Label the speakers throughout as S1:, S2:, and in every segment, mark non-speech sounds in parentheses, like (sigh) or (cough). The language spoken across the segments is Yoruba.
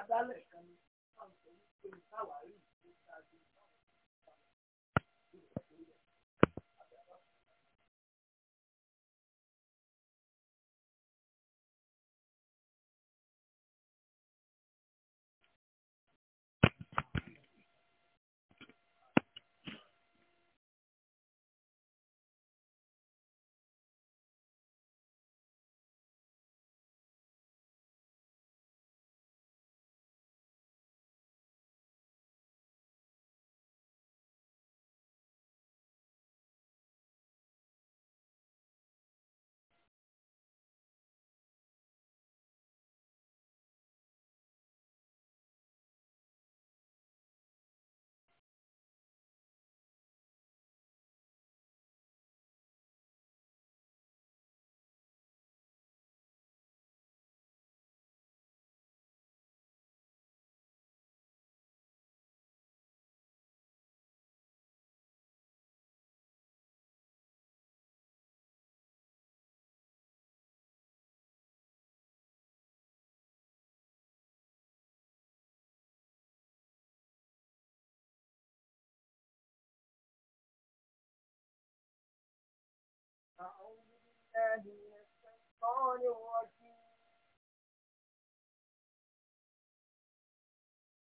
S1: adálẹ̀ kan ní àwọn ìṣòro tó ń sáwárí. الشيطان الرجيم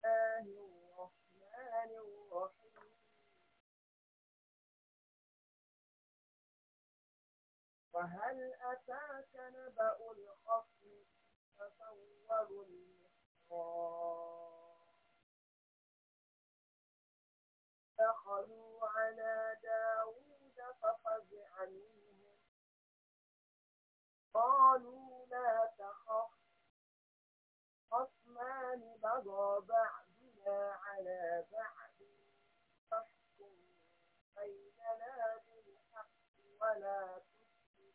S1: الرحمن الرحيم وهل أتاك نبأ الخصم فصوروا المحرار دخلوا على قالوا لا تخف خصمان بغى بعضنا على بعض فاحكم بيننا بالحق ولا تشرك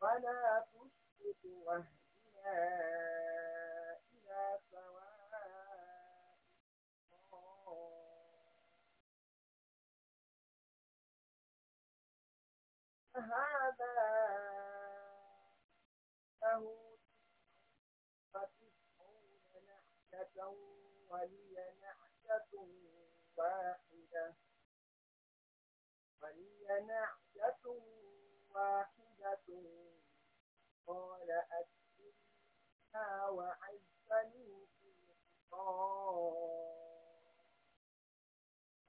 S1: ولا تشرك واهدنا إلى سواء Uh-huh. ولي نعجة واحدة ولي نعجة واحدة قال أكفلها وعزني في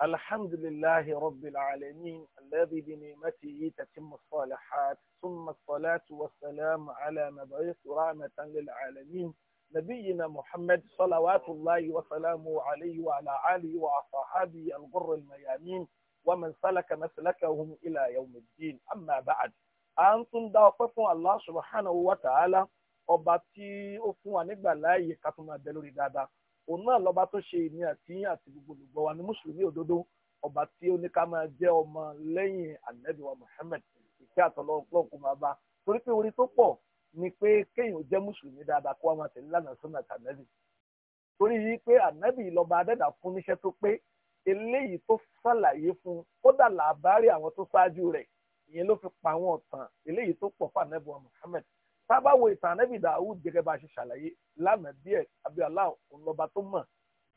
S2: الحمد لله رب العالمين الذي بنعمته تتم الصالحات ثم الصلاة والسلام على مبعوث رحمة للعالمين نبينا محمد صلوات الله وسلامه عليه وعلى آله وأصحابه الغر الميامين ومن سلك مسلكهم إلى يوم الدين أما بعد à ń الله سبحانه وتعالى fún Allah subhanahu wa ta'ala ọba tí ó fún wa nígbà láàyè ká tún máa bẹ lórí dáadáa òun náà lọ́ba tó ṣe ìní àti yín àti gbogbo olùgbọ́ wa ní mùsùlùmí òdodo ọba tí ó ní ká máa jẹ́ ọmọ lẹ́yìn anabi wa Muhammad ìkẹ́ kò máa bá torí pé orí tó pọ̀ ni pé kéèyàn jẹ́ mùsùlùmí dáadáa kó àwọn àtẹ̀lé lánàá sọ́nà tànẹ́bì torí yìí pé ànẹ́bì lọ́ba adẹ́dà fún níṣẹ́ tó pé eléyìí tó ṣàlàyé fún kódà làbárí àwọn tó ṣáájú rẹ̀ ìyẹn ló fi pa àwọn ọ̀tàn eléyìí tó pọ̀ fún ànẹ́bì wa Muhammad sábàwò ìtàn ànẹ́bì Dawud gẹ́gẹ́ bá a ṣe ṣàlàyé lánàá díẹ̀ abiola ònlọba tó mọ̀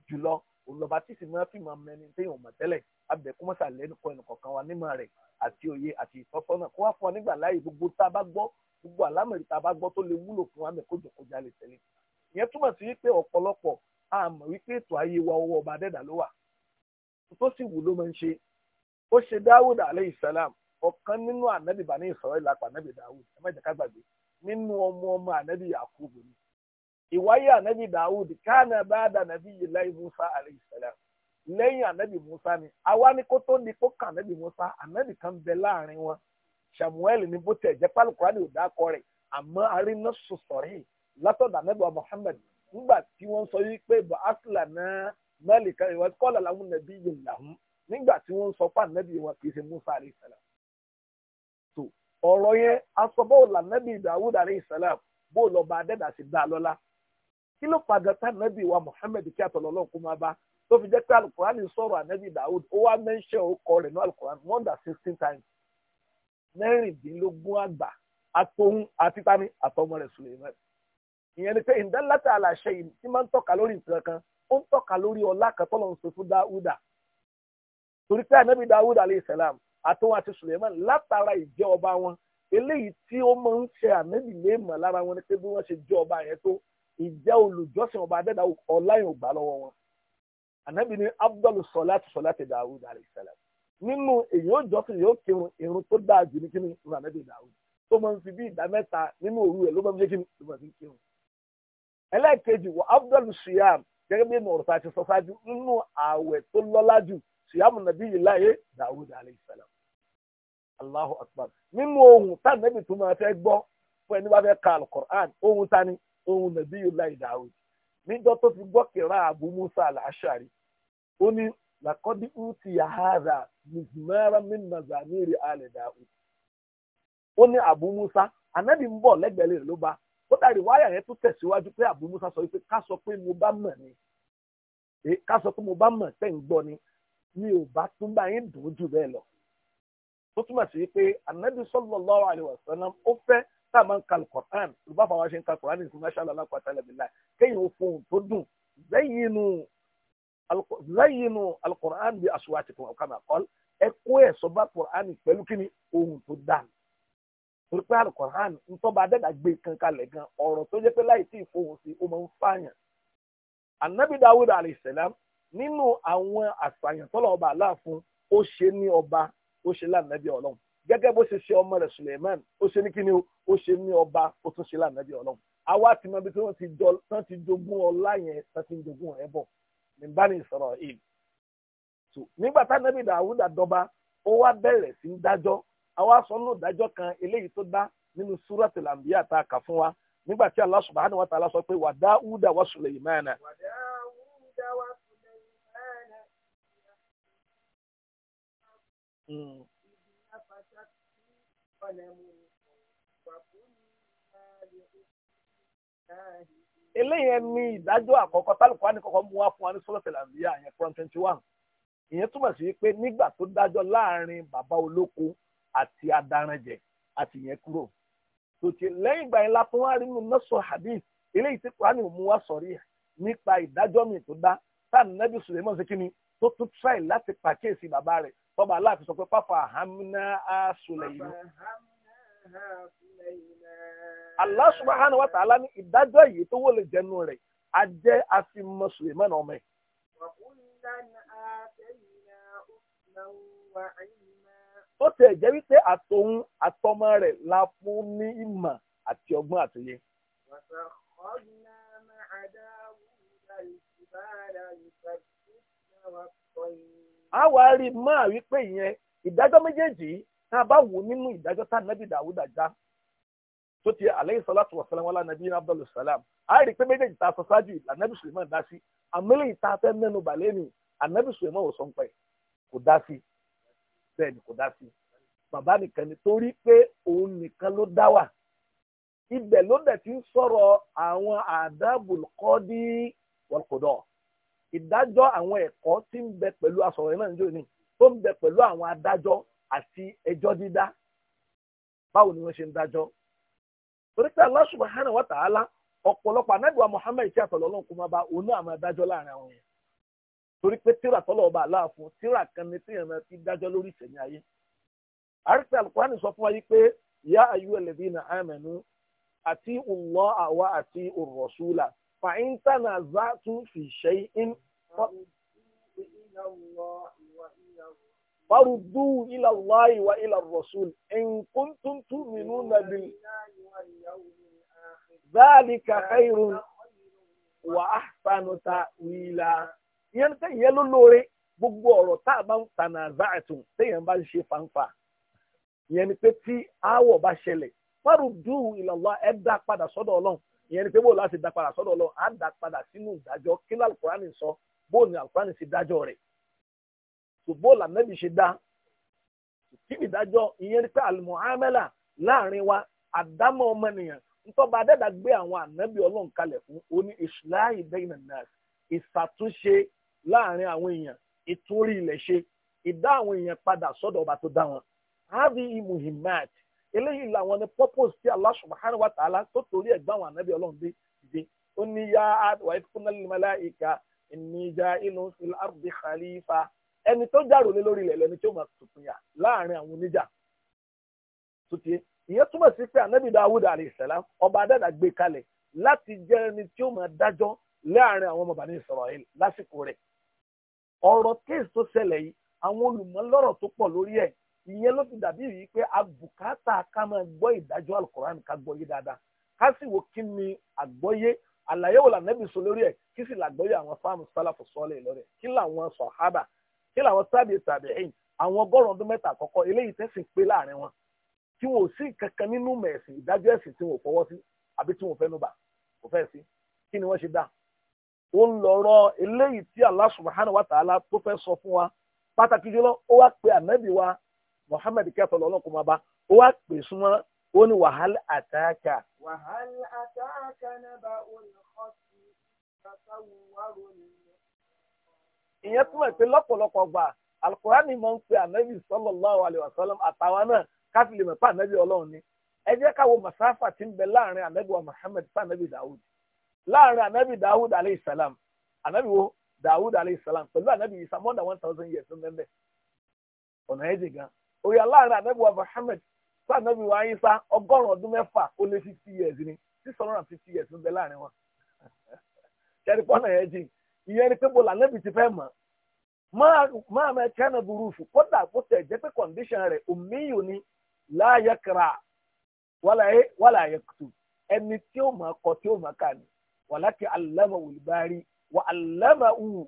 S2: jùlọ ònlọba tí sì máa fi máa mẹni téèyàn mọ̀ tẹ́lẹ̀ abẹ̀kúmọ́sà lẹ́nu kọ́ ẹnì kọ̀ọ̀kan wa nímọ̀ rẹ̀ àti òye àti ìtọ́sọ́nà kó wá fún ọ nígbà láàyè gbogbo tá a bá gbọ́ gbogbo àlámọ̀rí tá a bá gbọ́ tó lè wúlò fún wa mẹ́kọ́jọ kọjá lè tẹ̀lé ìyẹn túmọ̀ sí wípé ọ̀pọ̀lọpọ̀ a mọ̀ wípé ètò ayé wa ọwọ́ ọba dẹ́dà ló wà tó sì wù ló máa ń ṣe ó ṣe dáwùd aleyhi salam ọ̀kan nínú ànábì bani Israel lápá ànábì dáwùd ẹ má jẹ́ ká gbàgbé nínú ọmọ ọmọ ànábì Yakubu ni ìwáyé ànábì dáwùd káàna bá dà Musa aleyhi salam lẹ́yìn Musa ni àwa ni kó tó ní kó kà ànábì Musa ànábì kan bẹ láàrin samuel ní bó tẹ̀ jẹ́ pálukura ni ò dákọ rẹ̀ àmọ́ aríná sọ̀rọ̀ látọ̀dọ̀ muhammed nígbà tí wọn sọ yí pé bọ̀ asìlà náà mẹ́lìkà ìwà kọ́là làwọn nàbí yìí làwọn nígbà tí wọn sọ fún ànábì wọn kì í ṣe musa alayhi salam. tó yẹn dawud bó lọ bá adẹ́dà sí dá lọ́la. kí wa muhammed kí kó bá tó fi jẹ́ pé sọ̀rọ̀ dawud ó wá mẹ́ńṣẹ́ mẹ́rìndínlógún àgbà àtòhun àti tani àtọmọ rẹ̀ Suleiman ìyẹn ni pé ìdánlátà àlàṣẹ yìí tí máa ń tọ́ka lórí nǹkan kan ó ń tọ́ka lórí ọlá kan tọ́lọ̀ ń ṣe fún Dáúdà torí pé ànábì Dáúdà alayhi salam àtòhun àti Suleiman látara ìjẹ́ ọba wọn eléyìí tí ó máa ń ṣe ànábì léèmọ̀ lára wọn ni pé bí wọ́n ṣe jẹ́ ọba yẹn tó ìjẹ́ olùjọ́sìn ọba adẹ́dàá ọláyìn ògbà lọ́wọ́ wọn ànábì ní abdul sọlá ti Dáúdà alayhi salam nínú èyí ó jọ́sìn yóò kírun irun tó dáa jù ní kíni irun ànábì Dáúdù tó máa ń fi bí ìdá mẹ́ta nínú òru ẹ̀ ló máa ń fi kíni ló máa fi kírun. ẹlẹ́ẹ̀kejì wọ afdal siyam gẹ́gẹ́ bí ìmọ̀ ọ̀rọ̀ta ti sọ ṣáájú nínú ààwẹ̀ tó lọ́lá jù siyam nàbí yìí láyé Dáúdù alayhi Allahu akbar nínú ohun tá nàbì tó máa fẹ́ gbọ́ fún ẹni bá fẹ́ ka alukur'an ohun tani ohun nàbí yìí láyé Dáúdù níjọ́ tó fi gbọ́ kìrá Abu Musa mizmara min mazamiri ali daud ó ní abu musa anabi ń bọ̀ lẹ́gbẹ̀ẹ́ ló bá ó dàrí wáyà yẹn tó tẹ̀síwájú pé abu musa sọ pé ká sọ pé mo bá mọ̀ ni ká sọ pé mo bá mọ̀ tẹ̀ ń gbọ́ ni mi ò bá tún bá yín dùn jù bẹ́ẹ̀ lọ tó túmọ̀ sí pé anabi sallallahu alaihi wasallam ó fẹ́ tá a máa ń ka alukoran ló bá fàwọn aṣẹ ń ka alukoran nìkan máṣá lọ alákọ̀ọ́ tẹ́lẹ̀ bí láì kéèyàn ó tó dùn zayyinu zayyinu alukoran bí aṣọ àti kọ̀ọ̀kan àkọ́lù. ẹ sọba ẹ̀sọ́ bá pẹ̀lú kí ni ohun tó dáa torí pé alukọ̀hán ntọ́ba adẹ́dà gbé kan kalẹ̀ gan ọ̀rọ̀ tó jẹ́ pé láì tí ì fohùn sí ń anabi dawud alayisalaam nínú àwọn àṣàyàn tọ́lọ̀ ọba aláàfin ó ṣe ní ọba ó ṣe lánàbí ọlọ́run gẹ́gẹ́ bó ṣe ṣe suleiman ó ṣe ní kíni ó ọba ó tún ṣe ọlọ́run àwa ti tí wọ́n ti jogún ọlá so nígbà tá nàbì dàwúdà dọba ó wá bẹ̀rẹ̀ sí í dájọ́ àwa sọ ní ìdájọ́ kan eléyìí tó dá nínú súrọ̀tì làǹbíyà tá a kà fún wa nígbà tí Allah subhanahu wa ta'ala sọ pé wa Dawuda wa Sulaymana. Mm. eléyìí ni ìdájọ́ àkọ́kọ́ tálùkọ́ á ní kọ́kọ́ mú wá fún wa ní sọ́lọ́tì làǹbíyà yẹn twenty one ìyẹn túmọ̀ sí pé nígbà tó dájọ́ láàrin bàbá olóko àti adaranjẹ àti ìyẹn kúrò tòtí lẹ́yìn ìgbà yẹn la tún wá rí nínú nọ́ọ̀sọ̀ hadith eléyìí tí kúránì mú wá sọ̀rí ẹ̀ nípa ìdájọ́ mi tó dá táà nẹ́bí suleiman ṣe kíni tó tún try láti pàkíyèsí bàbá rẹ̀ tọ́ba aláàfin sọ pé pápá hamina suleiman.
S1: Allah subhanahu
S2: wa ta'ala ní ìdájọ́ yìí tó wọlé jẹnu rẹ̀ a jẹ́ àfimọ́ suleiman ọmọ ó tiẹ̀ jẹ́ wípé àtòun àtọmọ rẹ̀ la fún ní ìmọ̀ àti ọgbọ́n àtòye. a wá rí i máa wípé ìyẹn ìdájọ́ méjèèjì tá a bá wò nínú ìdájọ́ tá nàbì dàwúdà já tó ti alayhi salatu wa salam wàlá nàbí abdul salam a rí i pé méjèèjì tá a sọ ṣáájú ìlànà nàbì suleiman dá sí àmì lè ta fẹ́ mẹ́nu bàlẹ́ ni ànàbì suleiman ò sọ ń pẹ́ yìí kò dá sí bẹ́ẹ̀ ni kò dá sí bàbá nìkan ni torí pé òun nìkan ló dá wà ibẹ̀ ló dẹ̀ ti ń sọ̀rọ̀ àwọn àdábùlùkọ́dí wọ̀lùkọ́dọ̀ ìdájọ́ àwọn ẹ̀kọ́ tí ń bẹ pẹ̀lú asọ̀rọ̀ náà níjọ́ ni tó ń bẹ pẹ̀lú àwọn adájọ́ àti ẹjọ́ dídá báwo ni wọ́n ṣe ń dájọ́ torí pé Allah subhanahu wa ta'ala ọ̀pọ̀lọpọ̀ anábìwá Muhammad tí àtọ̀lọ́lọ́kùnmọ́ bá òun náà máa dájọ́ láàrin àwọn yẹn torí pé tíra tọ́lọ̀ ọba aláàfo tíra kan ní tíyàn náà ti dájọ́ lórí ìṣẹ̀mí ayé. àrísí alukwani sọ fún wa yìí pé ya ayu alladhina amanu àti ọ̀lọ́ àwa àti ar-rasula fa in tanaza'tum fi shay'in. فردوا إلى الله وإلى الرسول إن كنتم تؤمنون بال ذلك خير وأحسن تأويلا ìyẹn tẹ ìyẹn gbogbo ọ̀rọ̀ tá a bá ń tànà bá ń ṣe fanfa ìyẹn ni pé tí aáwọ̀ bá ṣẹlẹ̀ fọ́ọ̀rù dùn ìlọ́lá ẹ̀ dá padà sọ́dọ̀ ọlọ́run ìyẹn pé bó láti dá padà sọ́dọ̀ ọlọ́run á dá padà sínú ìdájọ́ kí ló alukurani sọ ni alukurani dájọ́ rẹ̀ ṣe dá kí ni ìdájọ́ ìyẹn pé láàrin wa ọmọnìyàn ntọ́ba adẹ́dàgbé àwọn láàrin àwọn èèyàn ìtúrí ilẹ̀ ṣe ìdá àwọn èèyàn padà sọ́dọ̀ ọba tó dá wọn. Hábi Imuhimat eléyìí làwọn ni purpose tí Allah subhanahu wa ta'ala tó torí ẹ̀ gbá àwọn ànábì ọlọ́run dé dìde. Ó ní yá àdùwà ìfúnná lílmọ́lá ìka ìníjà ìlú ìlú àrùbí khalifa. Ẹni tó jàrò lé lórí ilẹ̀ lẹni tí ó máa tuntun yà láàrin àwọn oníjà. Tuntun ìyẹn túmọ̀ sí pé ànábì Dawud alayhi ọba adada gbé kalẹ̀ láti jẹ́ ẹni tí ó máa dájọ́ láàrin àwọn ọmọ Bani Israel lásìkò rẹ̀ ọ̀rọ̀ kéèsì tó ṣẹlẹ̀ yìí àwọn olùmọ̀lọ́rọ̀ tó pọ̀ lórí ẹ̀ ìyẹn ló fi dàbí yìí pé abùkátà ká máa gbọ́ ìdájọ́ alukoran ká gbọ́yé dáadáa ká sì wo kí ni àgbọ́yé àlàyé wò lànàbì sọ lórí ẹ̀ kí sì làgbọ́yé àwọn fáàmù sálàfù sọ́ọ́lẹ̀ lórí ẹ̀ kí làwọn sọ̀hábà kí làwọn sábì tàbíìn àwọn ọgọ́rùn-ún ọdún mẹ́ta àkọ́kọ́ eléyìí tẹ́sìn pé láàrin wọn tí wọn ò sí kankan nínú mẹ̀sìn ìdájọ́ ẹ̀sìn tí wọn ò fọwọ́ sí àbí tí wọn ò fẹ́ nù bà kò fẹ́ sí kí ni wọ́n ṣe dáa ó ń ti eléyìí tí Allah subhanahu wa ta'ala tó fẹ́ sọ fún wa pàtàkì jùlọ ó wá pe ànábì wa kpe kẹfọ lọ́lọ́kùn bàbá ó wá pè súnmọ́ ó ní wàhálà àtàkà.
S1: wàhálà àtàkà nàbà olùkọ́sí
S2: ìyẹn túmọ̀ pé lọ́pọ̀lọpọ̀ gbà alukurani máa ń pe ànábì sallallahu alaihi wasallam àtàwọn náà káfílì ni ẹ jẹ́ masáfà ti ń bẹ láàrin wa láàrin anabi dawud alayhi salam anabi wo dawud alayhi salam anabi isa more one thousand years ọ̀nà láàrin anabi wa muhammed anabi wa isa ọgọ́rùn-ún ọdún mẹ́fà ó lé fifty years ni six hundred fifty years ń bẹ láàrin wọn (laughs) ìyẹn ni pé anabi ti fẹ́ mọ̀ máa kódà kó tẹ̀ jẹ́ pé condition rẹ̀ ni láàyè kra wàlàyé wàlàyé ẹni tí ó wàlákì alama wùlbárí wà alama wù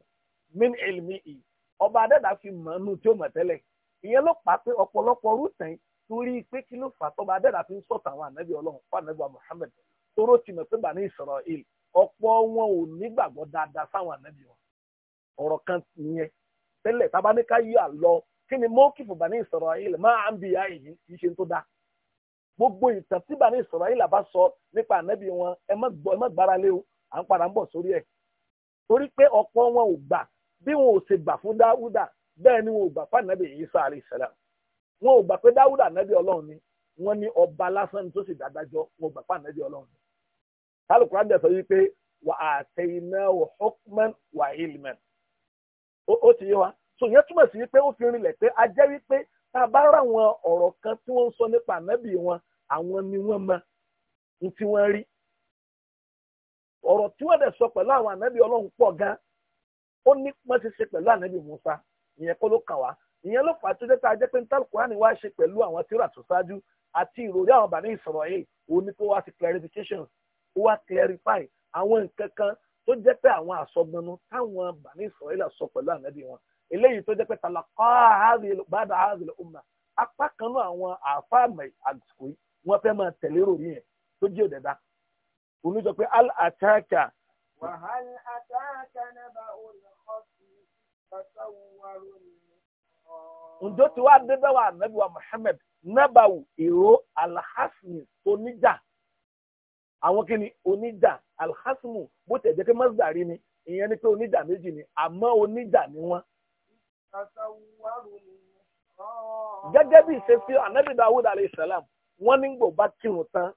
S2: min ilmi i ọba adada fi mànú tí ó mọ̀ tẹ́lẹ̀ ìyẹn ló pa pé ọ̀pọ̀lọpọ̀ rúùtàn torí pé kí ló fà tọ́ba adada fi ń sọ̀tàn àwọn ànábì ọlọ́run fún ànábì Muhammad tóró ti mọ̀ pé bani Israel ọ̀pọ̀ wọn ò nígbàgbọ́ dáadáa sáwọn ànábì wọn ọ̀rọ̀ kan nìyẹn tẹ́lẹ̀ tábà ní ká yí àlọ́ kí ni mọ́kì fún bani Israel máa ń bi ìyá yìí kì í ṣe tó dáa gbogbo ìtàn tí bani Israel bá sọ nípa ànábì wọn ẹ má gbára lé à ń padà ń bọ̀ sórí ẹ̀ torí pé ọ̀pọ̀ wọn ò gbà bí wọn ò ṣe gbà fún dáwúdà bẹ́ẹ̀ ni wọn ò gbà fún ànábì Ìsá alayhi salam wọn ò gbà pé dáwúdà ànábì ọlọ́run ni wọn ní ọba lásán tó sì dádájọ́ wọn ò gbà fún ànábì ọlọ́run ni. alukura dẹ̀ sọ yìí wà á tẹ iná wò hukman wà ilman ó ti yé wa so yẹn túmọ̀ sí pé ó fi rinlẹ̀ pé a jẹ́ wípé tá a bá rà wọn ọ̀rọ̀ kan tí wọ́n ń sọ nípa ànábì wọn àwọn ni wọ́n mọ ní tí wọ́n rí ọ̀rọ̀ tí wọ́n dẹ̀ sọ pẹ̀lú àwọn ànábì ọlọ́run pọ̀ gan ó ní pọ́n ti ṣe pẹ̀lú ànábì Musa ìyẹn kọ́ ló kàn wá ìyẹn ló fà á tó jẹ́ tá a jẹ́ pé nítorí Kùránì wá ṣe pẹ̀lú àwọn tíra tó ṣáájú àti ìròyìn àwọn bàní ìsọ̀rọ̀ yìí ó ní kó wá sí clarifications ó wá clarify àwọn nǹkan kan tó jẹ́ pé àwọn àsọgbọnú táwọn bàní ìsọ̀rọ̀ yìí là sọ pẹ̀lú ànábì wọn eléyìí tó jẹ́ pé talakọ́ bàdà àhàzìlẹ̀ ọmọ apá kan náà àwọn àfáàmì àsìkò yìí wọ́n fẹ́ máa tẹ̀lé ròyìn yẹn tó jẹ́ òdẹ̀dá òun ló sọ pé al ataka.
S1: wàhálà ataka nàbà olùkọ́sí tasawwaru ni.
S2: ǹjọ́ tí dé bẹ́ẹ̀ nàbí wa Muhammad nàbà ìró alhasmi oníjà àwọn kí ni oníjà alhasmu bó tẹ̀ jẹ́ pé masdari ni ìyẹn ni pé oníjà méjì ni àmọ́ oníjà ni wọ́n.
S1: tasawwaru ni
S2: gẹ́gẹ́ bí ìṣesí anabi dawud alayhi salam wọ́n ní gbò kírun tán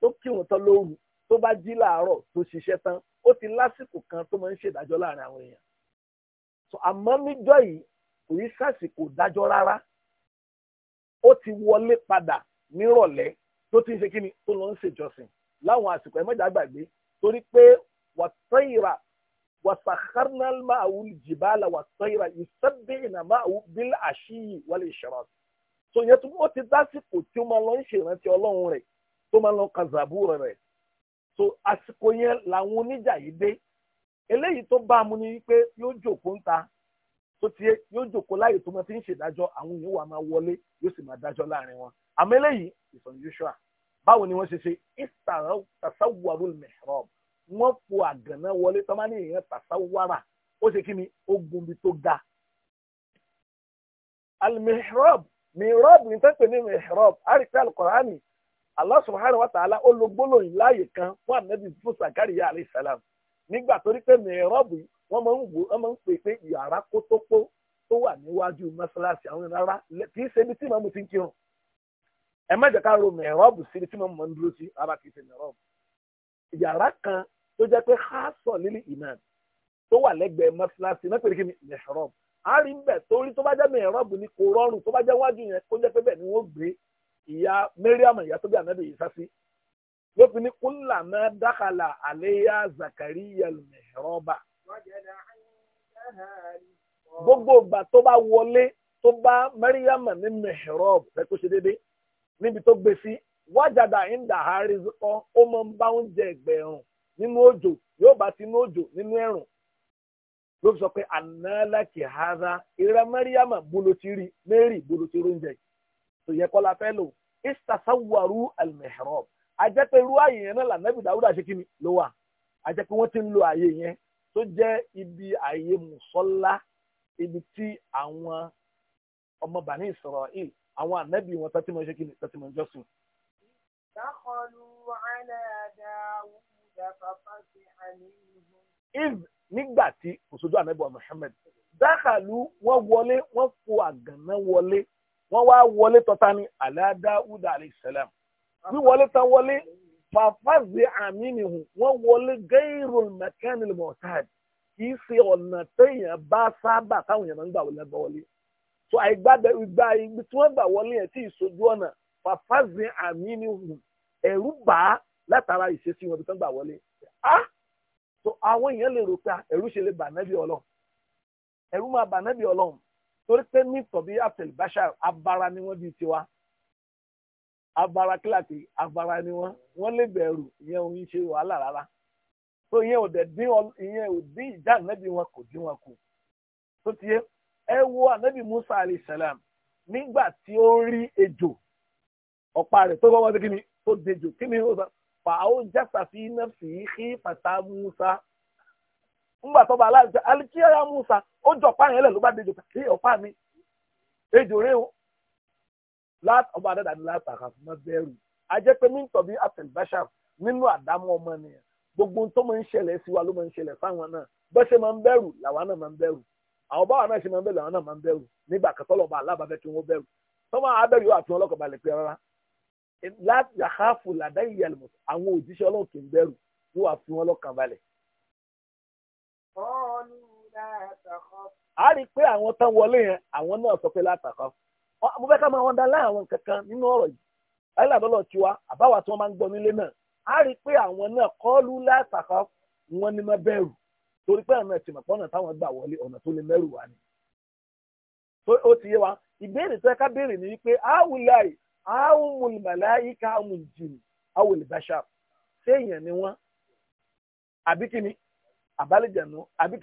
S2: tó kírun tán lóru tó bá jí làárọ̀ tó ṣiṣẹ́ tán ó ti lásìkò kan tó máa ń ṣèdájọ́ láàrin àwọn èèyàn so àmọ́ níjọ́ yìí kò yí sàsìkò dájọ́ rárá ó ti wọlé padà nírọ̀lẹ́ tó ti ń ṣe kíni tó lọ ń ṣèjọsìn láwọn àsìkò ẹ̀mẹ́jà gbàgbé torí pé wàtẹ́yìrà wàsàkárnàl máa wù jìbálà wàtẹ́yìrà ìsẹ́bìnà máa wù bílẹ̀ àṣìyí wàlẹ̀ ìṣẹ̀rọ̀ so yẹn tó ó ti dásìkò tí ó máa lọ ń ṣèrántí ọlọ́run rẹ̀ tó máa lọ kàzàbù rẹ̀ so àsìkò yẹn làwọn oníjà yìí dé eléyìí tó bá a mú ni wípé yóò jòkó ń ta tó tiẹ̀ yóò jòkó láyè tó máa fi ń ṣèdájọ́ àwọn èèyàn wà máa wọlé yóò sì máa dájọ́ láàrin wọn àmọ́ eléyìí is unusual báwo ni wọ́n ṣe ṣe istara tasawwarul mihrab wọ́n po àgànná wọlé tó máa ní èèyàn tasawwara ó ṣe kí ni ó gunbi tó ga al mihrab ní tẹ́pẹ̀ ní mihrab àríkà al-Qur'ani Allah subhanahu wa ta'ala ó lo gbólóyìn láàyè kan fún anabi fún Zakariya alayhi salam nígbà torí pé mẹ́rọ́bù wọ́n máa ń wò wọ́n máa ń pè pé yàrá kótópó tó wà níwájú mọ́ṣáláṣí àwọn rárá kì í ṣe ibi tí màmú ti ń kírun ẹ má jẹ́ ká ro mẹ́rọ́bù sí ibi tí màmú máa ń dúró sí ara kì í ṣe mẹ́rọ́bù yàrá kan tó jẹ́ pé hásọ̀ lílì ìmáàmù tó wà lẹ́gbẹ̀ẹ́ mọ́ṣáláṣí náà pèrè kí ni mẹ́rọ́bù a rí bẹ̀ torí tó bá jẹ́ mẹ́rọ́bù ni kò rọrùn tó bá jẹ́ wájú yẹn kó jẹ́ pé bẹ́ẹ̀ ni wọ́n gbé ìyá mẹ́ríàmù ìyá tó bí ànábì Ìsá sí ló fi ní kúlà náà dákàlà àléyà Zakariya al-mihraba. gbogbo ìgbà tó bá wọlé tó bá mẹ́ríàmù ní mihrab fẹ́ kó ṣe déédéé níbi tó gbé sí wájàdà ìndà àrísíkọ́ ó máa ń bá oúnjẹ ẹgbẹ̀rún nínú òjò yóò bá ti inú òjò nínú ẹ̀rùn ló sọ pé ànálàkì hàrá ìrẹ mẹ́ríàmù bolo ti rí oúnjẹ yìí tó yẹ kọ́ la fẹ́ lò istasawaru almihrab ajẹ́ pé irú ààyè yẹn náà lànàbì dáúdà ṣe kí ni ló wà ajẹ́ pé wọ́n ti ń lo ààyè yẹn tó jẹ́ ibi ààyè mùsọ́lá ibi tí àwọn ọmọ bani Israel àwọn ànàbì wọn tó ti mọ̀ ṣe kí tó ti mọ̀ jọ́sìn.
S1: dakhalu
S2: if nígbà tí kòsójú ànàbì wa Muhammad dakhalu wọ́n wọlé wọ́n fò àgànná wọlé wọ́n wá wọlé tọ́ta ní aládáúdà aleyhisselam bí wọlé tán wọlé fàfáàzì àmínihùn wọ́n wọlé gẹ́rùn mẹkánìlì mọ̀táàdì kìí ṣe ọ̀nà téèyàn bá sábà táwọn èèyàn máa ń gbà wọlé gbà wọlé so àìgbàgbẹ́ ìgbà ibi tí wọ́n gbà wọlé yẹn tí ìṣojú ọ̀nà fàfáàzì àmínihùn ẹ̀rú bá látara ìṣesí wọn bí gbà wọlé ah so àwọn èèyàn lè rò pé ẹ̀rú ṣe lè bà nẹ́bí ọlọ́run ẹ̀rú máa bà nẹ́bí ọlọ́run torí pé ní tọ̀bí abdul bashar abara ni wọ́n di tiwa abara kíláàsì abara ni wọ́n wọ́n lè bẹ̀rù ìyẹn ò ṣe wàhálà rárá so ìyẹn ò dẹ̀ dín ìyẹn ò dín ìjà ànábì wọn kò dín wọn kù tó ti yẹ ẹ wo ànábì musa alayhi salam nígbà tí ó rí ejò ọ̀pá rẹ̀ tó gbọ́n wọn ti kí ni tó dejò kí ni ó sọ fàáwó jásàfin náà sì í fàtà musa ńgbà tó bá aláàbò alikiyaya musa ó jọ páyìn ẹlẹ ló bá dejò pé ọ̀pá mi ejò rẹ o láti ọba adada ni láti àkàfọ mọ bẹ̀rù ajẹ pé mi ń tọ̀ bí àtẹ̀lẹ́bàṣà nínú àdámọ́ ọmọ nìyẹn gbogbo tó máa ń ṣẹlẹ̀ sí wa ló máa ń ṣẹlẹ̀ fáwọn náà bó ṣe máa ń bẹ̀rù làwa náà máa ń bẹ̀rù àwọn báwa náà ṣe máa ń bẹ̀rù làwa náà máa ń bẹ̀rù nígbà kan tọ́lọ̀ bá alábàáfẹ́ kí wọ́n bẹ̀rù tó máa bẹ̀rù àti wọn lọ́kọ̀ balẹ̀ pé rárá láti yàkáfù làdáyé ìyàlùmọ̀ àwọn òjíṣẹ́ ọlọ́run kì í bẹ̀rù wọ́n wọn lọ́kàn balẹ̀ a rí i pé àwọn tán wọlé yẹn àwọn náà sọ pé látàkọ́ mo fẹ́ ká máa wọn dá láàrin àwọn kankan nínú ọ̀rọ̀ yìí ayélujára tiwa àbáwá tí wọ́n máa ń gbọ́ nílé náà a rí i pé àwọn náà kọ́ọ́lù látàkọ́ wọn ni máa bẹ̀rù torí pé àwọn ẹ̀tìmọ̀ pọ́nà táwọn gbà wọlé ọ̀nà tó lè mẹ́rù wá ni. ó ti yé wa ìbéèrè tó yẹ ká béèrè ni wípé áwùláì áwùmùlmàláìka áwùmùjìnnì áwùlìbáṣà séèyàn ni wọ́n àbí kíni àbálẹ̀jẹ̀nu àbí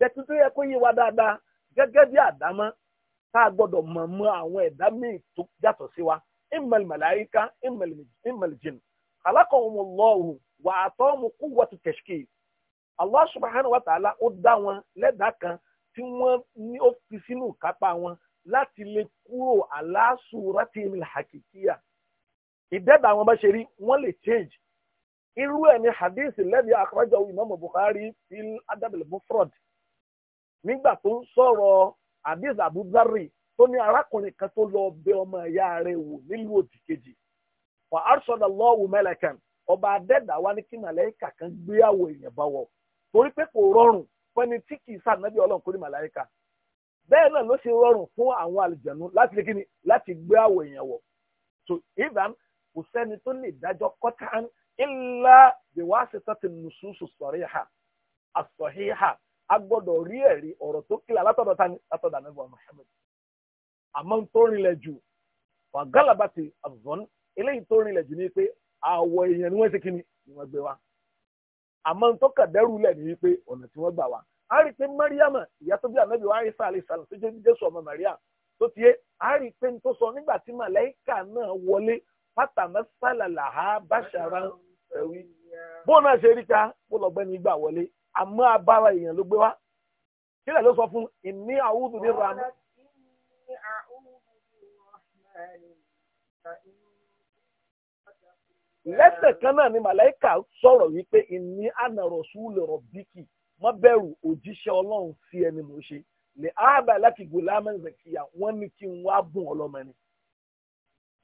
S2: jẹ́tí tó yẹ kó yé wa dáadáa gẹ́gẹ́ bí àdámọ́ tá a gbọ́dọ̀ mọ̀ mọ́ àwọn míì tó sí wa ìmọ̀lì màláyíká ìmọ̀lì wà á kú ti tẹ̀síkì Allah subhanahu wa ta'ala dá wọn kan tí wọn ní ó fi sínú kápá wọn láti lè kúrò ìdẹ́dà àwọn bá ṣe rí lè hadith lẹ́bi nígbà tó ń sọ̀rọ̀ abiz abudulayi tó ní arákùnrin kan tó lọ bẹ ọmọ ìyá rẹ̀ wò nílùú òdì kejì arsọdà lọ́wọ́ ọba adẹ́dà wa ní kí màláìka kan gbéyàwó èèyàn bá torí pé kò rọrùn fẹ́ni tí kì í ọlọ́run ní bẹ́ẹ̀ náà ló ṣe rọrùn fún àwọn àlùjẹ̀nu láti kí ni láti gbéyàwó èèyàn so ha ha agbọdọ gbọ́dọ̀ rí ẹ̀rí ọ̀rọ̀ tó kílẹ̀ anabi wa wà àbùzọ́n eléyìí tó jù ní pé àwọ̀ èèyàn ni wọ́n ṣe kíni ni wọ́n gbé wa tó kà dẹ́rù lẹ̀ pé ọ̀nà tí wọ́n gbà wá a rí i pé Mariam ìyá tó bí anabi wa Isa salam tó jẹ́ Jésù ọmọ Mariam tó a rí i pé n tó sọ nígbà tí náà wọlé sálàlà ha ẹ̀wí bó náà ṣe rí ká àmọ́ abára èèyàn ló gbé wá kílẹ̀ ló sọ fún ìní àwùjọ ní ra lẹ́sẹ̀ kan náà ni màláìka sọ̀rọ̀ wípé ìní ànàrọ̀sù lè rọ̀ bíkì má bẹ̀rù òjíṣẹ́ ọlọ́run sí ẹni mò ń ṣe lè ábà láti gòlámẹ́ zakiya wọ́n ní kí n wá bùn ọlọ́mọ ni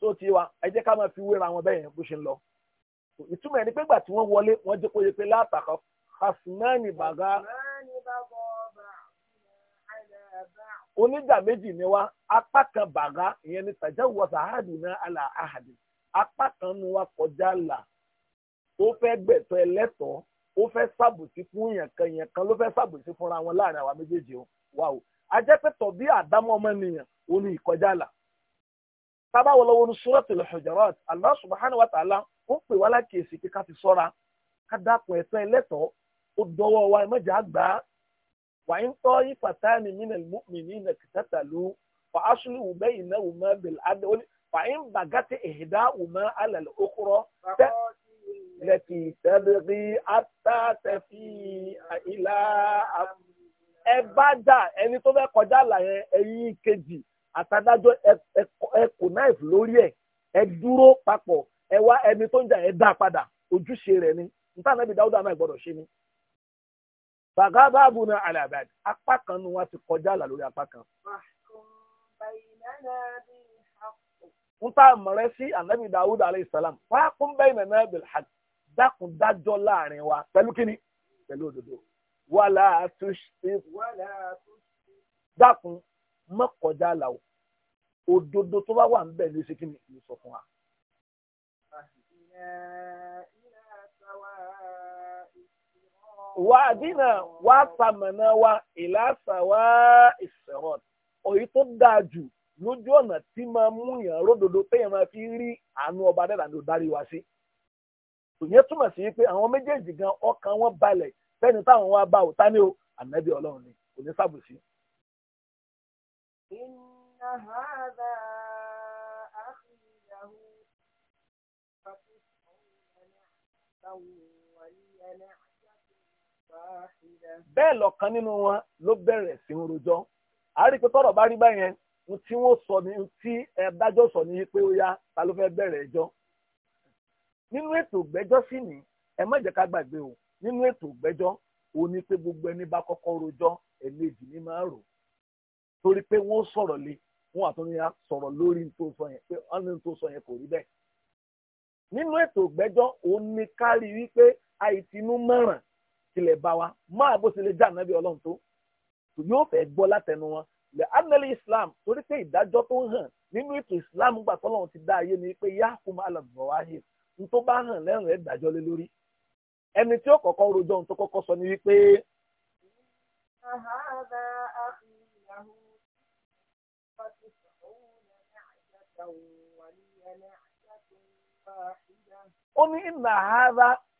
S2: tó ti wa ẹ jẹ́ ká máa fi wéra wọn bẹ́ẹ̀ bó ṣe ń lọ ìtumọ̀ ẹni pé gbà tí wọ́n wọlé wọ́n jẹ́ pé látàkọ́ asùnmẹ́ni baga, oníjà méjì ni wá apá kan bàgá ìyẹn ni tàjáwọ́ sàhádì náà àlà àhàdì apá kan nu wa kọjá là ó fẹ́ gbẹ̀tọ́ ẹlẹ́tọ̀ọ́ ó fẹ́ ṣàbòsí fún yẹn kan yẹn kan ló fẹ́ ṣàbòsí fúnra wọn láàrin àwa méjèèjì o wà o ajẹ́pẹ̀tọ̀ bí àdámọ́ ọmọnìyàn ó ní ìkọjá là tábà wọlé wọn Suratul Hujurat Allah subhanahu wa ta'ala ń pè wá lákèésí kí ká fi sọ́ra ká dákun ẹ̀tọ́ ẹlẹ́tọ̀ọ́ ó dọwọ́ wa ẹ̀mẹ́jà gbà á wà ń tọ́ ni mí nàìmú mi ní nàìkìtàtà ló wà á sùn ìwù bẹ́yìn náà wù mọ́ bẹ̀lẹ̀ adé ó wà ń bàgàtì ìhìdá wù mọ́ tẹ́ lẹ́tì àtàtẹ́fì ẹ bá dà ẹni tó kọjá kejì ẹ kò náìfù lórí ẹ dúró papọ̀ ẹ ni nta ṣe ni. bàgá báàbù náà àlàbàdì apá kan nu wọn ti kọjá àlà lórí apá kan. n ta mọ̀rẹ́ sí anabi dawud alayhi salam wàá kún bẹ́ẹ̀ nana bil haq dákun dájọ́ láàrin wa pẹ̀lú kíni pẹ̀lú òdodo wàlá àtúnṣe dákun mọ́ kọjá àlà o òdodo tó bá wà ń bẹ̀ ní ṣe kíni ìsọfún wa wàdínà wà sàmànà wa ìlàsà wà ìsẹ̀rọ̀ òyì tó dáa jù lójú ọ̀nà tí máa mú yàn ródòdó pé yàn máa fi rí àánú ọba dẹ́dà ló darí wa sí. ìyẹn túmọ̀ sí pé àwọn méjèèjì gan ọkàn wọn balẹ̀ fẹ́ni táwọn wá bá òtá ní o ànábì ọlọ́run ni kò ní sábùsí.
S1: inna hadha akhi lahu fàkùsùn ìyànà àtàwọn wàlíyànà
S2: bẹ́ẹ̀ lọ̀kan nínú wọn ló bẹ̀rẹ̀ sí ń rojọ́ a rí i pé tọ́rọ̀ bá rí báyẹn ohun tí wọ́n sọ ni ohun tí ẹ̀dájọ́ sọ ni pé ó yá ta ló fẹ́ bẹ̀rẹ̀ ẹjọ́ nínú ètò ìgbẹ́jọ́ sì ní ẹ má jẹ́ ká gbàgbé o nínú ètò ìgbẹ́jọ́ ó ní pé gbogbo ẹni bá kọ́kọ́ rojọ́ ẹ̀lẹ́jì ní máa rò torí pé wọ́n sọ̀rọ̀ lé wọ́n àtúnyà sọ̀rọ̀ lórí tó sọ yẹn pé ọ̀nà tó sọ yẹn kò rí bẹ́ẹ̀ nínú ètò ìgbẹ́jọ́ ó ní kárí wípé àìtinú mọ̀ràn tilẹ̀ bá wa máa bó tilẹ̀ já ànábì ọlọ́run tó yóò fẹ́ gbọ́ látẹnu wọn islam torí pé ìdájọ́ tó ń hàn nínú ètò islam gbà tọ́lọ́run ti dá ayé ni pé yahoo malam bọ̀wáhì n tó bá hàn lẹ́rùn dájọ́ lé ohun tó kọ́kọ́ sọ ni wípé. ó ní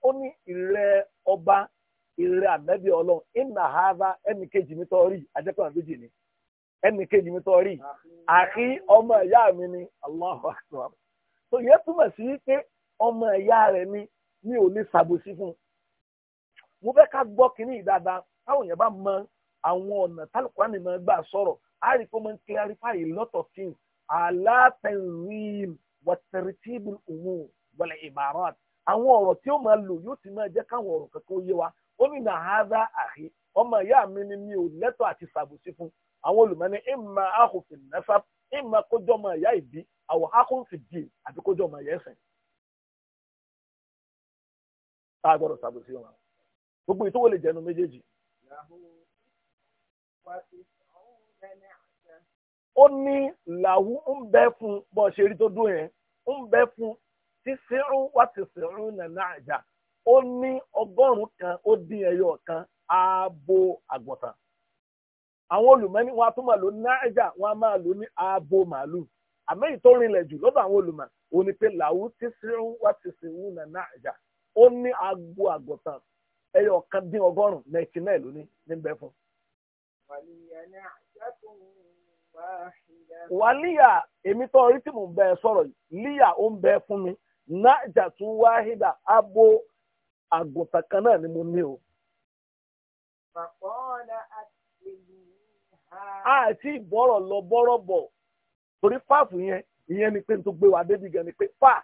S2: ó ní ìrẹ́ ọba Iri ànábì ọlọ ìnà hava ẹnì kejì mi ni ẹnì kejì ọmọ mi ni Allahu akbar tó yẹ túmọ̀ si pé ọmọ ìyá rẹ̀ ni mi ò lè ṣàbòsí fún mo fẹ́ ká ìdáadáa bá mọ àwọn ọ̀nà máa gbà sọ̀rọ̀ rí máa ń clarify a lot of things òun wọlé àwọn ọ̀rọ̀ tí ó máa lò yóò ó ní nàhádà àhí ọmọ ìyá mi ni mi ò lẹ́tọ̀ àti ṣàbòsí fún àwọn olùmọ́ni ìmọ̀ àkùnfin nẹ́fà ìmọ̀ kójọ́ ọmọ ìyá ìbí àwọ̀ àkùnfin dì àbí kójọ́ ọmọ ìyá ẹ̀sìn. tá a gbọ́dọ̀ ṣàbòsí wọn gbogbo ìtòwò lè jẹnu méjèèjì. ó ní làwù ń bẹ fún bọ́ọ̀ ṣe rí tó dún yẹn ń bẹ fún tíṣírún wá tíṣírún nàná àjà ó ní ọgọ́rùn-ún kan ó dín ẹyọ kan ààbò àgbọ̀tàn àwọn olùmọ́ni wọn a tún máa lò ní náírà wọn a máa lò ní ààbò màálù àmọ́ èyí tó rinlẹ̀ jù lọ́dọ̀ àwọn ni pé làwù ti sírun wá ti sìnwú nà náírà ó ní àgbo àgbọ̀tàn ẹyọ kan dín ọgọ́rùn-ún náìtì náà lóní níbẹ̀ fún. èmi tó rí àgùntàn kan náà ni mo ní o. àti bọ́rọ̀ lọ bọ́rọ̀ bọ̀ torí fáàfù yẹn ìyẹn ni pé n tó gbé wa débi gan ni pé fà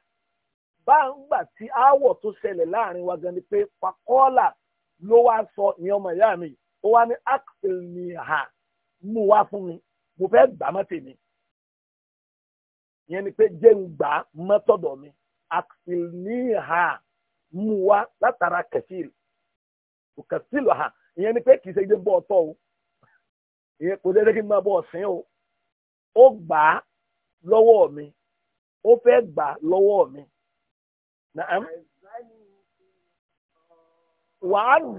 S2: bá ń gbà tí aáwọ̀ tó ṣẹlẹ̀ láàrin wa gan ni pé pakọ́ọ̀là ló wá sọ ìyẹn ọmọ ìyá mi ó wá ní axel ní ha mú wá fún mi mo fẹ́ gbà mọ́ tèmi ìyẹn ni pé jẹ́ ń gbà mọ́tọ̀dọ̀ mi axel ní ha. muwa latara látara ha ìyẹn ni pé kì í ṣe ìdí bọ́ o ìyẹn kò dédé kí n máa o ó gbà á lọ́wọ́ mi ó fẹ́ gbà á lọ́wọ́ mi.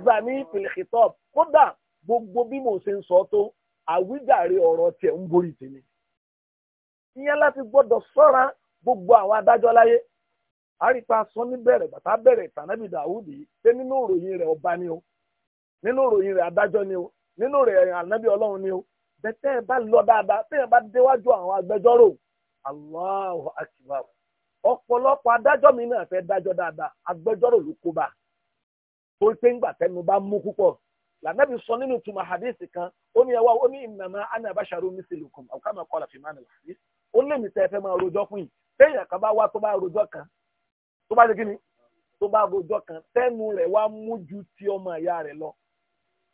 S2: zà ní gbogbo bí mo ṣe ń sọ tó àwíjàre ọ̀rọ̀ tiẹ̀ ń borí tèmi. ìyẹn láti gbogbo àwọn àrípa sọ bẹ̀rẹ̀ bàtà bẹ̀rẹ̀ tànàbí dàwùdì pé nínú òròyìn rẹ̀ ọba ni o nínú ìròyìn rẹ̀ adájọ́ ni o nínú rẹ̀ ànábì ọlọ́run ni o bẹ́tẹ́ ẹ bá lọ dáadáa tẹ́ bá déwájú àwọn agbẹjọ́rò aláwọ̀ akbar ọ̀pọ̀lọpọ̀ adájọ́ mi náà fẹ́ dájọ́ dáadáa agbẹjọ́rò ló kó bá pé ńgbà tẹnu bá kan ó ní ẹwà ó ní ana basharun mislukum aw kama qala fi ó lé mi tẹ́ ẹ fẹ́ máa rojọ́ fún tó bá ṣe kí ni tó bá bójọ́ kan tẹ́nu rẹ̀ wá mú ju ti ọmọ ìyá rẹ̀ lọ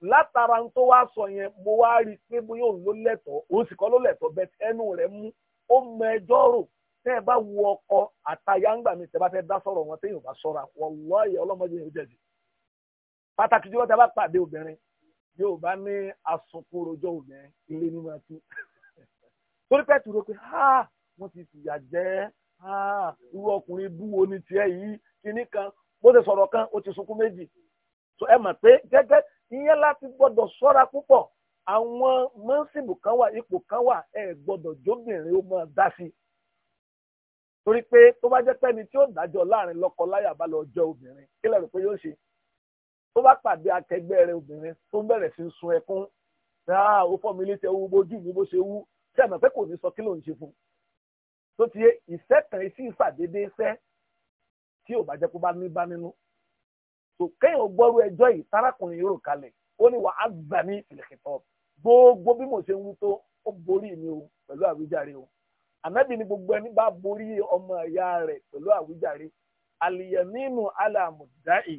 S2: látara tó wá sọ yẹn mo wá rí i pé bóyá òun ló lẹ́tọ̀ọ́ òun sì kọ́ ló lẹ́tọ̀ọ́ bẹ́ẹ̀ tẹ́nu rẹ̀ mú ó mọ ẹjọ́ rò tẹ́ ẹ bá wo ọkọ àtàyà ń gbà mí tẹ́ bá fẹ́ dá sọ̀rọ̀ wọn téèyàn bá sọ́ra wọ́lọ́ọ̀yẹ ọlọ́mọdé yẹn ó jẹ̀bi pàtàkì jùlọ tẹ́ bá pàdé obìnrin yóò bá ní asunkun obìnrin ilé nínú ẹtú (laughs) torí pẹ́ẹ́tù rò pé ha wọ́n ti fìyà jẹ Ah, irú ọkùnrin búwo ni tiẹ̀ yìí kinní kan bó ṣe sọ̀rọ̀ kan ó ti sunkún méjì so ẹ mọ̀ pé gẹ́gẹ́ ìyẹn láti gbọ́dọ̀ ṣọ́ra púpọ̀ àwọn mọ́sìmù kan wà ipò kan wà ẹ gbọ́dọ̀ jóbìnrin ó máa dá sí i torí pé tó bá jẹ́ pẹ́ni tí ó dájọ́ láàrin lọ́kọ láyà bá lọ jọ obìnrin kí lẹ́rù pé yóò ṣe tó bá pàdé akẹgbẹ́ rẹ̀ obìnrin tó bẹ̀rẹ̀ sí sun ẹkún ah, ó fọ́ mi létí ẹwú bójú mi bó ṣe wú tí àmọ́ pé kò ní sọ kí ló ń ṣe fún un tó ti yé ìfẹ́ kan sí ìfàdédé fẹ́ tí ò bá jẹ́ kó bá ní bá nínú. tó kéèyàn gbọ́rú ẹjọ́ yìí tárakùnrin yóò kalẹ̀ ó ní wà á gbà ní ìlẹ̀kẹ̀tọ́ gbogbo bí mo ṣe ń wú tó ó borí mi o pẹ̀lú àwíjàre o ànábì ni gbogbo ẹni bá borí ọmọ ìyá rẹ̀ pẹ̀lú àwíjàre àlìyẹ̀mínú alàmùdáì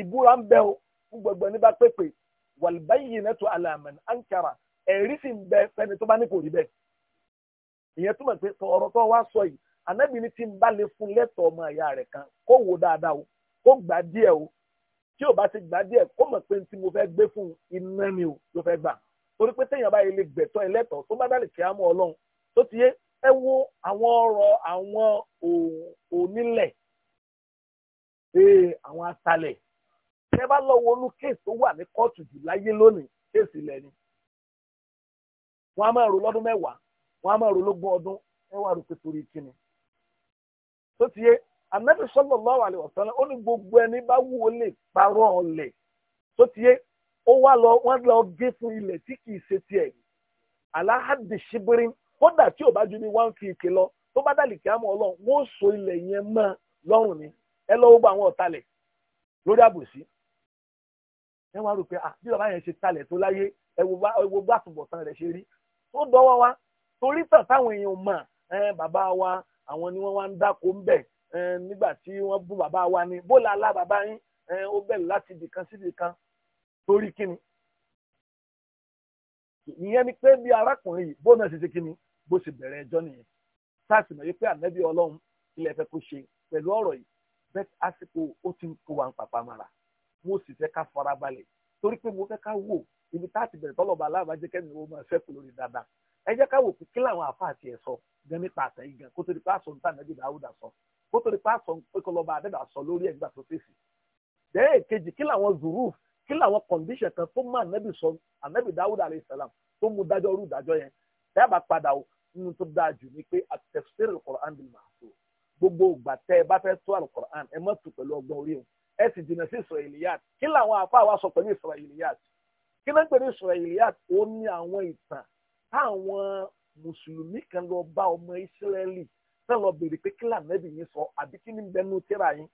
S2: ìbúra ń bẹ o fún gbogbo ẹni bá pèpè wàlùbáyìí nẹ́tọ̀ alàmùn ankara ẹ̀rí sì ń bẹ fẹ́ni tó bá ní kò rí bẹ́ẹ̀ ìyẹn túmọ̀ pé ọ̀rọ̀ tó wá sọ yìí ànábì ní tí ń bá lè fún lẹ́tọ̀ọ́ ọmọ ìyá rẹ̀ kan kó wò dáadáa o kó gbà díẹ̀ o tí ò bá ti gbà díẹ̀ kó mọ̀ pé tí mo fẹ́ gbé fún iná ni o ló fẹ́ gbà torí pé téèyàn bá yẹ lè gbẹ̀tọ́ ẹlẹ́tọ̀ọ́ tó bá dálè kí á mú ọlọ́run tó ti yé ẹ wo àwọn ọ̀rọ̀ àwọn onílẹ̀ ee àwọn atalẹ̀ tẹ bá lọ wọnú kéèsì tó wà ní kóòtù jù láyé lónìí kéèsì ilẹ̀ ni á máa rò lọ́dún mẹ́wàá wọn á máa rò lógún ọdún ẹ wà rò pé torí kíni. tó ti yé anabi sallallahu alaihi wasallam ó ní gbogbo ẹni bá wù ó lè parọ́ ọ̀lẹ̀ tó ti yé ó wá lọ wọn lọ gé fún ilẹ̀ tí kì ṣe tiẹ̀ aláhàdì ṣíbírín kódà tí ò bá ju ní one fifty lọ tó bá dàlì kí á mọ Ọlọ́run wọn ò so ilẹ̀ yẹn mọ́ lọ́rùn ni ẹ lọ́wọ́ bá àwọn ọ̀talẹ̀ lórí àbòsí ẹ wá rò pé ah bí bàbá yẹn ṣe talẹ̀ tó láyé ẹ wo bá àtúbọ̀tán rẹ̀ ṣe rí tó dọ́wọ́ wa torí tàn táwọn èèyàn mọ̀ bàbá wa àwọn ni wọ́n wá ń dáko ń bẹ̀ nígbà tí wọ́n bú bàbá wa ni bó la lá bàbá yín ó bẹ̀rẹ̀ láti dìkan sí dìkan torí kíni ìyẹn ni pé bí arákùnrin yìí bó náà ṣe ṣe kíni bó ṣe bẹ̀rẹ̀ ẹjọ́ nìyẹn sáàsì mọ̀ wípé ànábì ọlọ́run ilẹ̀ fẹ́ kó ṣe pẹ̀lú ọ̀rọ̀ yìí bẹ́ẹ̀ àsìkò ó ti ń kó wa ń pàpà mara mo sì fẹ́ ká fara torí pé mo fẹ́ ká wò ibi tá a ti bẹ̀rẹ̀ tọ́lọ̀ bá aláàbájẹ́ kẹ́mi ó máa fẹ́ kú lórí dáadáa ẹ jẹ́ ká wò pé kí làwọn àfa àti ẹ̀ sọ gan nípa àtẹ yìí gan kó tó di pa àsọ nípa ànábì dáúdà sọ kó tó di pa àsọ pé kó lọ́ba àdẹ́dà sọ lórí ẹ̀gbà tó fèsì. bẹ́ẹ̀ kejì kí làwọn zuru kí làwọn condition kan tó mú ànábì sọ ànábì dáúdà alayhi salam tó mú dájọ́ rú dájọ́ yẹn dábàá padà nínú tó dáa jù ni pé at-tafsir kí làwọn ń pè ní israeliyat ó ní àwọn ìtàn táwọn mùsùlùmí kan lọ bá ọmọ ìsírẹ́lì náà lọ béèrè pé kí lànàbì yín sọ àbí kí ni bẹnu tíra yín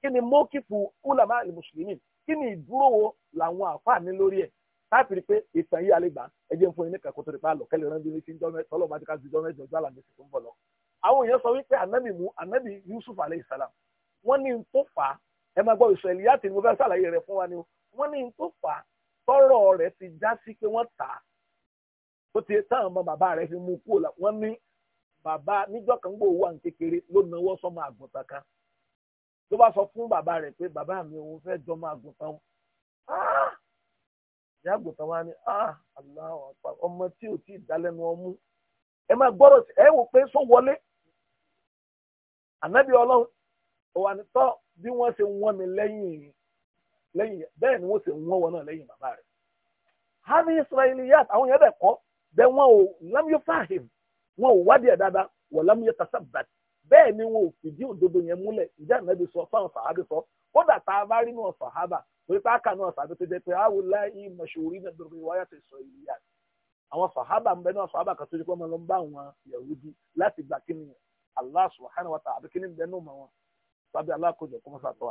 S2: kí ni mọ́kìfù ulama mùsùlùmí kí ni ìdúró làwọn àfáà ní lórí ẹ̀ láàpìrì pé ìtàn yìí alẹ́ gbà ẹ jẹ́ fún yín ní kankan tó ti pa lọ kẹ́lẹ́ rán bí ní ti ń jọ́mẹ́ tọ́lọ́ bá ti ká ju jọ́mẹ́ jọ́jú àlàmì sí fún bọ̀lọ́. àwọn èèyàn sọ wípé anabi mu anabi yusuf alayhi salam wọ́n ní n tó fà á ẹ máa gbọ́ ìsọ̀rẹ̀lì yá tì ní mo fẹ́ sàlàyé rẹ̀ fún wa ni wọ́n ní tó fà á tọ́rọ̀ rẹ̀ ti já sí pé wọ́n tà á tó ti táwọn ọmọ bàbá rẹ̀ fi mú kúrò la wọ́n ní bàbá níjọ́ kan gbòó wà ní kékeré ló náwó sọmọ àgùntàn kan ló bá sọ fún bàbá rẹ̀ pé bàbá mi òun fẹ́ jọmọ àgùntàn wọn ah! ìyá àgùntàn wa ni aláwọ̀ àpá ọmọ tí ò tí ì dálẹ́nu ọmú ẹ máa gbọ́dọ̀ ẹ wò pé sọ wọlé ànábì ọlọ́run òwà nítọ́ bí wọ́n ṣe wọ́n mi lẹ́yìn lẹ́yìn bẹ́ẹ̀ ni wọ́n ṣe wọ́n wọn náà lẹ́yìn bàbá rẹ̀ hami israeliyat àwọn yẹn bẹ̀ kọ́ bẹ́ẹ̀ wọn ò lámúyẹ fáhìm wọn ò wádìí ẹ̀ dáadáa wọ́n lámúyẹ tasabat bẹ́ẹ̀ ni wọn ò fìdí òdodo yẹn múlẹ̀ ìjà nàbí sọ fáwọn sọ kódà tá a bá rí náà sàhábà torí pé àkà náà sàhábì tó jẹ́ pé àwọn náà ìwáyà sọ yá àwọn